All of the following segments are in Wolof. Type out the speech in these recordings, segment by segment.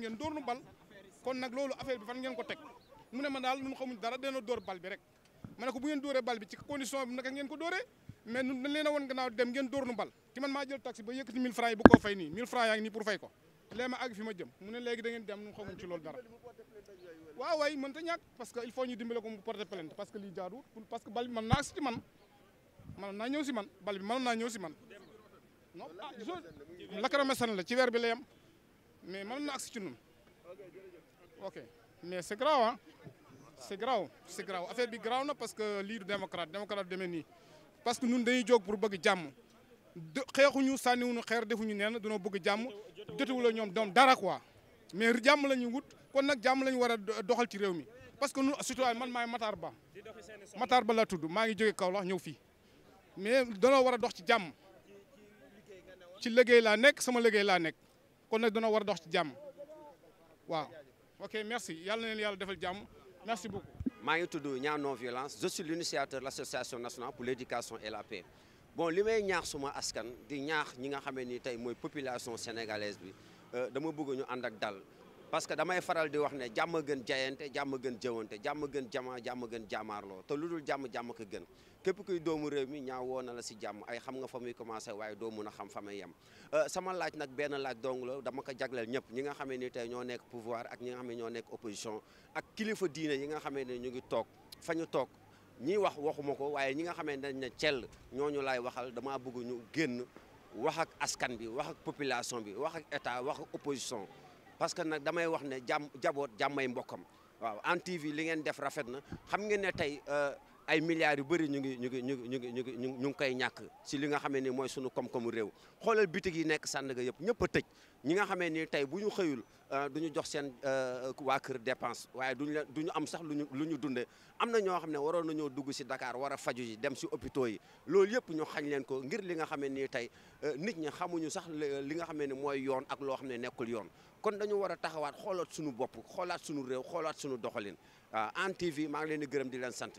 ngeen door nu bal kon nag loolu affaire bi fan ngeen ko teg mu ne ma daal ñun xamuñ dara dana door bal bi rek ma ko bu ngeen bal bi ci condition bi naka ko dóoree mais ñun a woon gannaaw dem ngeen door nu bal ci bi mën naa ñëw si man bal bi ah, la ci weer bi la mais man na agsi ci ñun ok mais c'est grave hein c'est grave c'est grave affaire bi grave na parce que leader démocrate démocrate demee ni parce que ñun dañuy jog pour bëgg jàmm xeexuñu sànniwuñu xeer defuñu neen dañoo bëgg jàmm wu la ñom doom dara quoi mais jamm la ñu wut kon nak jamm la ñu war a doxal ci réew mi parce que nous citoyen man may Matar Ba Matar Ba la tuddu ma ngi jóge Kaolack ñëw fi mais danoo war a dox ci jamm ci liggéey la nek sama liggéey la nek kon nag dana war dox ci jam. waaw ok merci yalla neen yalla defal jam. merci beaucoup. maa ngi tudd non violence je suis l'initiateur de l'association nationale pour l'éducation et la paix bon limay ñaax suma askan di ñaax ñi nga xamé ni tay moy population sénégalaise bi euh, dama bëgg ñu and ak dal. parce que damay faral di wax ne jàmm gën jayante jàmm gën jëwante jàmm gën jamaa jàmm gën jaamaarloo te lu dul jàmm jàmm ko gën képp kuy doomu réew mi ñaaw woo na la si jàmm ay xam nga fa muy commencé waaye doo mun a xam fa muy yem euh, sama laaj nag benn laaj dong la dama ko jagleel ñëpp ñi nga xamee ni te ñoo nekk pouvoir ak ñi nga xam ne ñoo nekk opposition ak kilifa diine yi nga xamee ne ñu ngi toog fa ñu toog ñiy wax waxuma ko waaye ñi nga xamee ne dañ ne ñooñu laay waxal damaa bëgg ñu génn wax ak askan bi wax ak population bi wax ak état wax ak parce que nag damay wax ne jàmm jaboot jàmmay mbokkam waaw Hann TV li ngeen def rafet na xam ngeen ne tey euh, ay milliards yu bëri ñu ngi ñu ngi ñu ngi ñu ngi ñu ngi koy ñàkk si li nga xamee ni mooy sunu koom réew xoolal bitig yi nekk Sandaga yëpp ñëpp a tëj ñi nga xamee ni tey bu ñu xëyul euh, du jox seen euh, waa kër dépense waaye duñu leen du ñu am sax luñu lu ñu dundee am na ñoo xam ne waroon nañoo dugg si Dakar war a faju yi dem si hôpitaux yi loolu yëpp ñu xañ leen ko ngir li nga xamee ni tey euh, nit ñi xamuñu sax li nga xamee ni mooy yoon ak loo xam ne nekkul yoon kon dañu war a taxawaat xoolaat suñu bopp xoolaat suñu réew xoolaat suñu doxalin en maa ngi leen di gërëm di leen sant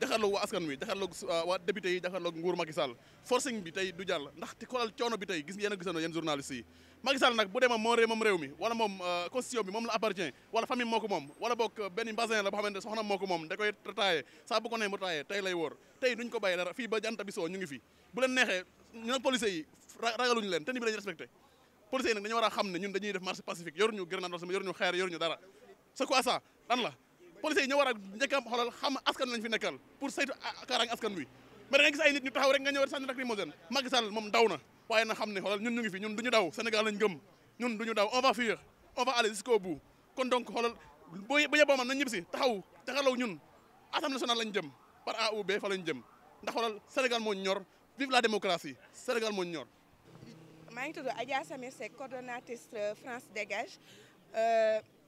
jaxarloog waa askan wi jaxarloog euh, waa député yi jaxarloog nguur Macky Sall forcing bi tey du jàll ndax ti xoolal coono bi tey gis yéen a gisandoo yéen journalistes yi Macky nag bu demee moom moom mi wala moom euh, constitution bi moom la appartient wala famille moo ko moom wala boog euh, benn basin la boo xamante ne soxna moo moom da koy taaye saa bu ko nee mu tey lay wóor tey duñ ko bàyyi dara fii ba jant bi soo ñu ngi fi bu leen neexee ñu nag policiers yi ragaluñu leen te ni bi lañu respecté policiers a policiers yi ñoo war a njëkk a xoolal xam askan lañ fi nekkal pour saytu kaaraange askan wi mais da nga gis ay nit ñu taxaw rek nga ñëw rek sànni lacrymogène Macky Sall moom daw na waaye na xam ne xoolal ñun ñu ngi fi ñun duñu daw Sénégal lañ gëm ñun duñu daw on va fuir on va aller jusqu'au bout kon donc xoolal bu yeboo man nañ ñëpp si taxaw taxalaw ñun assemblée nationale lañ jëm par A ou B fa lañ jëm ndax xoolal Sénégal moo ñor vive la démocratie Sénégal moo ñor maa ngi tudd Adja Samir Seck coordonnatrice France Dégage euh,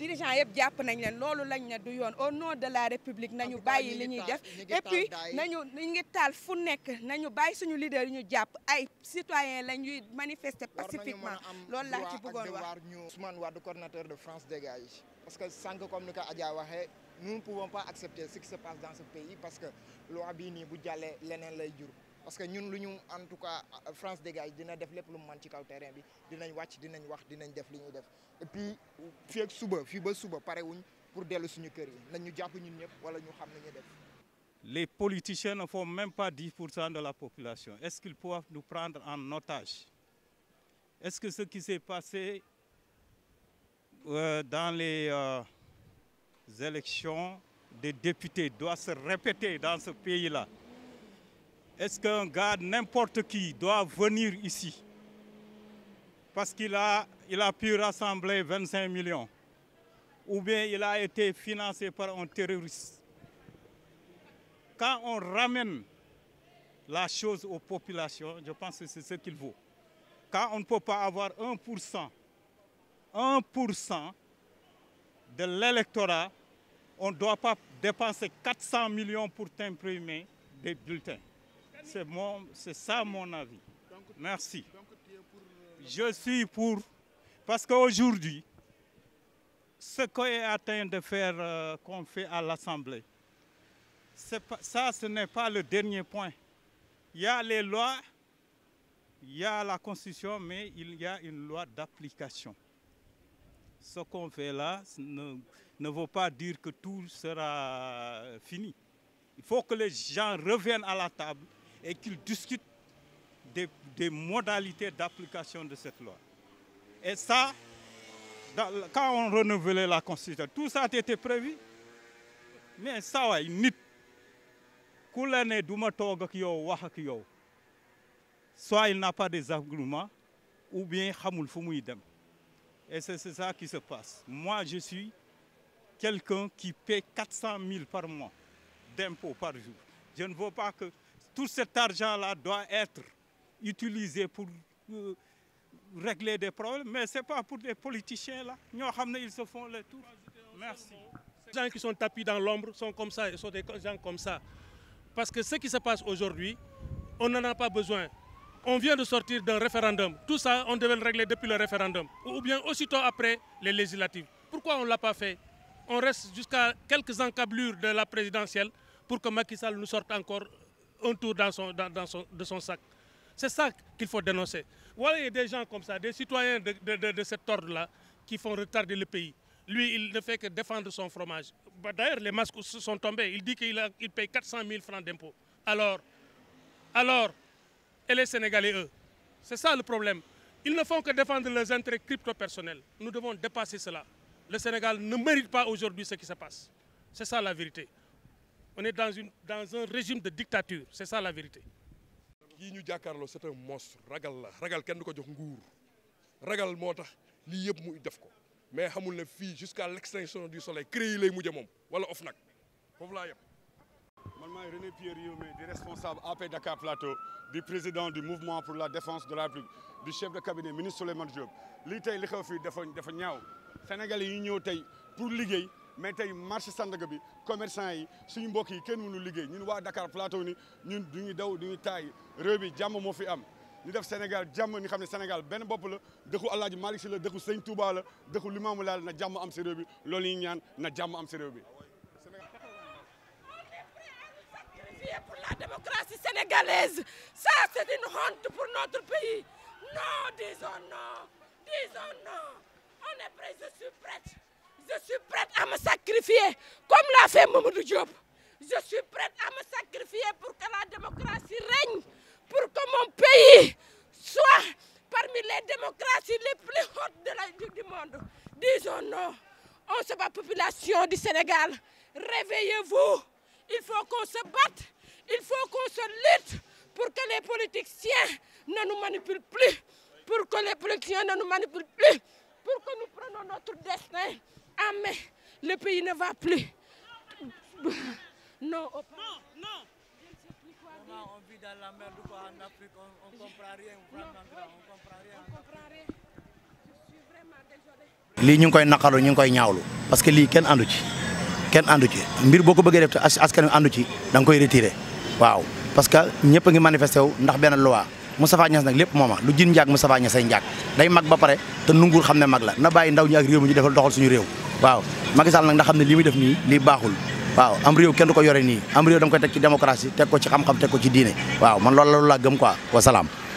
dirigeant yëpp japp nañ leen loolu lañ ne du yoon au nom de la république nañu bàyyi li ñuy def et puis nañu ñu ngi taal fu nekk nañu bàyyi suñu leader yi ñu jàpp ay citoyen la ñuy manifester pacifiquement loolu laa ci bëggoon wax Ousmane Wade coordinateur de France dégage parce que sànq comme ni ko Adja waxee nous ne pouvons pas accepter ce qui se passe dans ce pays parce que loi bii nii bu jàllee leneen lay jur parce que nous, en tout cas France dégage dina def lepp lu le mën ci kaw terrain bi dinañ wacc dinañ wax dinañ def li def et puis fi ak suba fi ba suba paré wuñ pour dellu suñu kër yi nañ ñu japp ñun ñëpp wala ñu xam def. Les politiciens ne font même pas 10% de la population. Est-ce qu'ils peuvent nous prendre en otage Est-ce que ce qui s'est passé euh, dans les euh, élections des députés doit se répéter dans ce pays-là est-ce qu'un gars, n'importe qui, doit venir ici parce qu'il a, il a pu rassembler 25 millions ou bien il a été financé par un terroriste Quand on ramène la chose aux populations, je pense que c'est ce qu'il vaut. Quand on ne peut pas avoir 1%, 1% de l'électorat, on ne doit pas dépenser 400 millions pour t'imprimer des bulletins. C'est ça mon avis. Merci. Je suis pour, parce qu'aujourd'hui, ce qu'on est atteint de faire, euh, qu'on fait à l'Assemblée, ça, ce n'est pas le dernier point. Il y a les lois, il y a la Constitution, mais il y a une loi d'application. Ce qu'on fait là ne, ne veut pas dire que tout sera euh, fini. Il faut que les gens reviennent à la table et qu'ils discutent des, modalités d'application de cette loi. Et ça, quand on renouvelait la Constitution, tout ça était prévu. Mais ça, il nit. a ne soit il n'a pas des arguments ou bien et c'est ça qui se passe moi je suis quelqu'un qui paie 400 000 par mois d'impôts par jour je ne veux pas que tout cet argent-là doit être utilisé pour euh, régler des problèmes, mais ce n'est pas pour des politiciens là. Ils se font le tour. Merci. Les gens qui sont tapis dans l'ombre sont comme ça, ils sont des gens comme ça. Parce que ce qui se passe aujourd'hui, on n'en a pas besoin. On vient de sortir d'un référendum. Tout ça, on devait le régler depuis le référendum. Ou bien aussitôt après les législatives. Pourquoi on ne l'a pas fait On reste jusqu'à quelques encablures de la présidentielle pour que Macky Sall nous sorte encore un tour dans son, de son sac. C'est ça qu'il faut dénoncer. Voilà, il y a des gens comme ça, des citoyens de, de, cet ordre-là, qui font retarder le pays. Lui, il ne fait que défendre son fromage. Bah, d'ailleurs, les masques sont tombés. Il dit qu'il il paye 400 000 francs d'impôts. Alors, alors, et les Sénégalais, eux C'est ça le problème. Ils ne font que défendre leurs intérêts crypto-personnels. Nous devons dépasser cela. Le Sénégal ne mérite pas aujourd'hui ce qui se passe. C'est ça la vérité on est dans, une, dans un régime de dictature c'est ça la vérité qui ñu jàkkaarloo c'est un monstre ragal la ragal kenn du ko jox nguur ragal moo tax lii mu def ko mais xamul ne fii jusqu'à l'extinction du soleil créé lay mujj moom wala of nag foofu laa man maay René Pierre Yomé di responsable AP Dakar Plateau di président du mouvement pour la défense de la République du chef de cabinet ministre Souleymane Diop Ce qui li xew fii dafa dafa ñaaw Sénégalais yi ñëw pour liggéey mais tey marché Sandaga bi commerçant yi suñu mbokk yi kenn mënu liggéey ñun waa Dakar Plateau ni ñun du ñu daw du ñu taay bi jàmm moo fi am ñu def Sénégal jàmm ñu Sénégal ben bopp la dëkku Alaaji Malick Si la dëkku Sëñ Touba la dëkku Limaamu Laal na jàmm am si réew bi loolu ñu ñaan na am bi pour la démocratie sénégalaise. Ça, c'est une honte pour notre pays. Non, disons non. Disons non. On est prêt, je suis prête. Je suis prête me sacrifier comme l'a fait Mamadou Diop. Je suis prête à me sacrifier pour que la démocratie règne, pour que mon pays soit parmi les démocraties les plus hautes de la, du, du monde. Disons non. On se bat, population du Sénégal. Réveillez-vous. Il faut qu'on se batte. Il faut qu'on se lutte pour que les politiciens ne nous manipulent plus. Pour que les politiciens ne nous manipulent plus. Pour que nous prenions notre destin Amen. Le pays ne va plus. Non, oh, non, non. On vit dans la merde quoi, en Afrique, on ne comprend rien, on ne comprend rien. Je suis vraiment Li ñu koy nakalu ñu koy ñaawlu parce que li kenn andu ci kenn andu ci mbir boko ko bëggee def te askan wi ci dang koy retirer waaw parce que ñëpp ngi manifesté ndax benn loi Moustapha Niass nak lepp moma lu jinn njaag Moustapha Niass ay njaag day mag ba paré te nungul xamné mag la na bàyyi ndaw ñi ak réew mi ñu defal doxal suñu réew waaw Macky Sall nda nga xam ne lii muy def nii lii baaxul waaw am réew kenn du ko yore nii am réew dama koy teg ci démocratie teg ko ci xam-xam teg ko ci diine waaw man loolu la laa gëm quoi wasalaam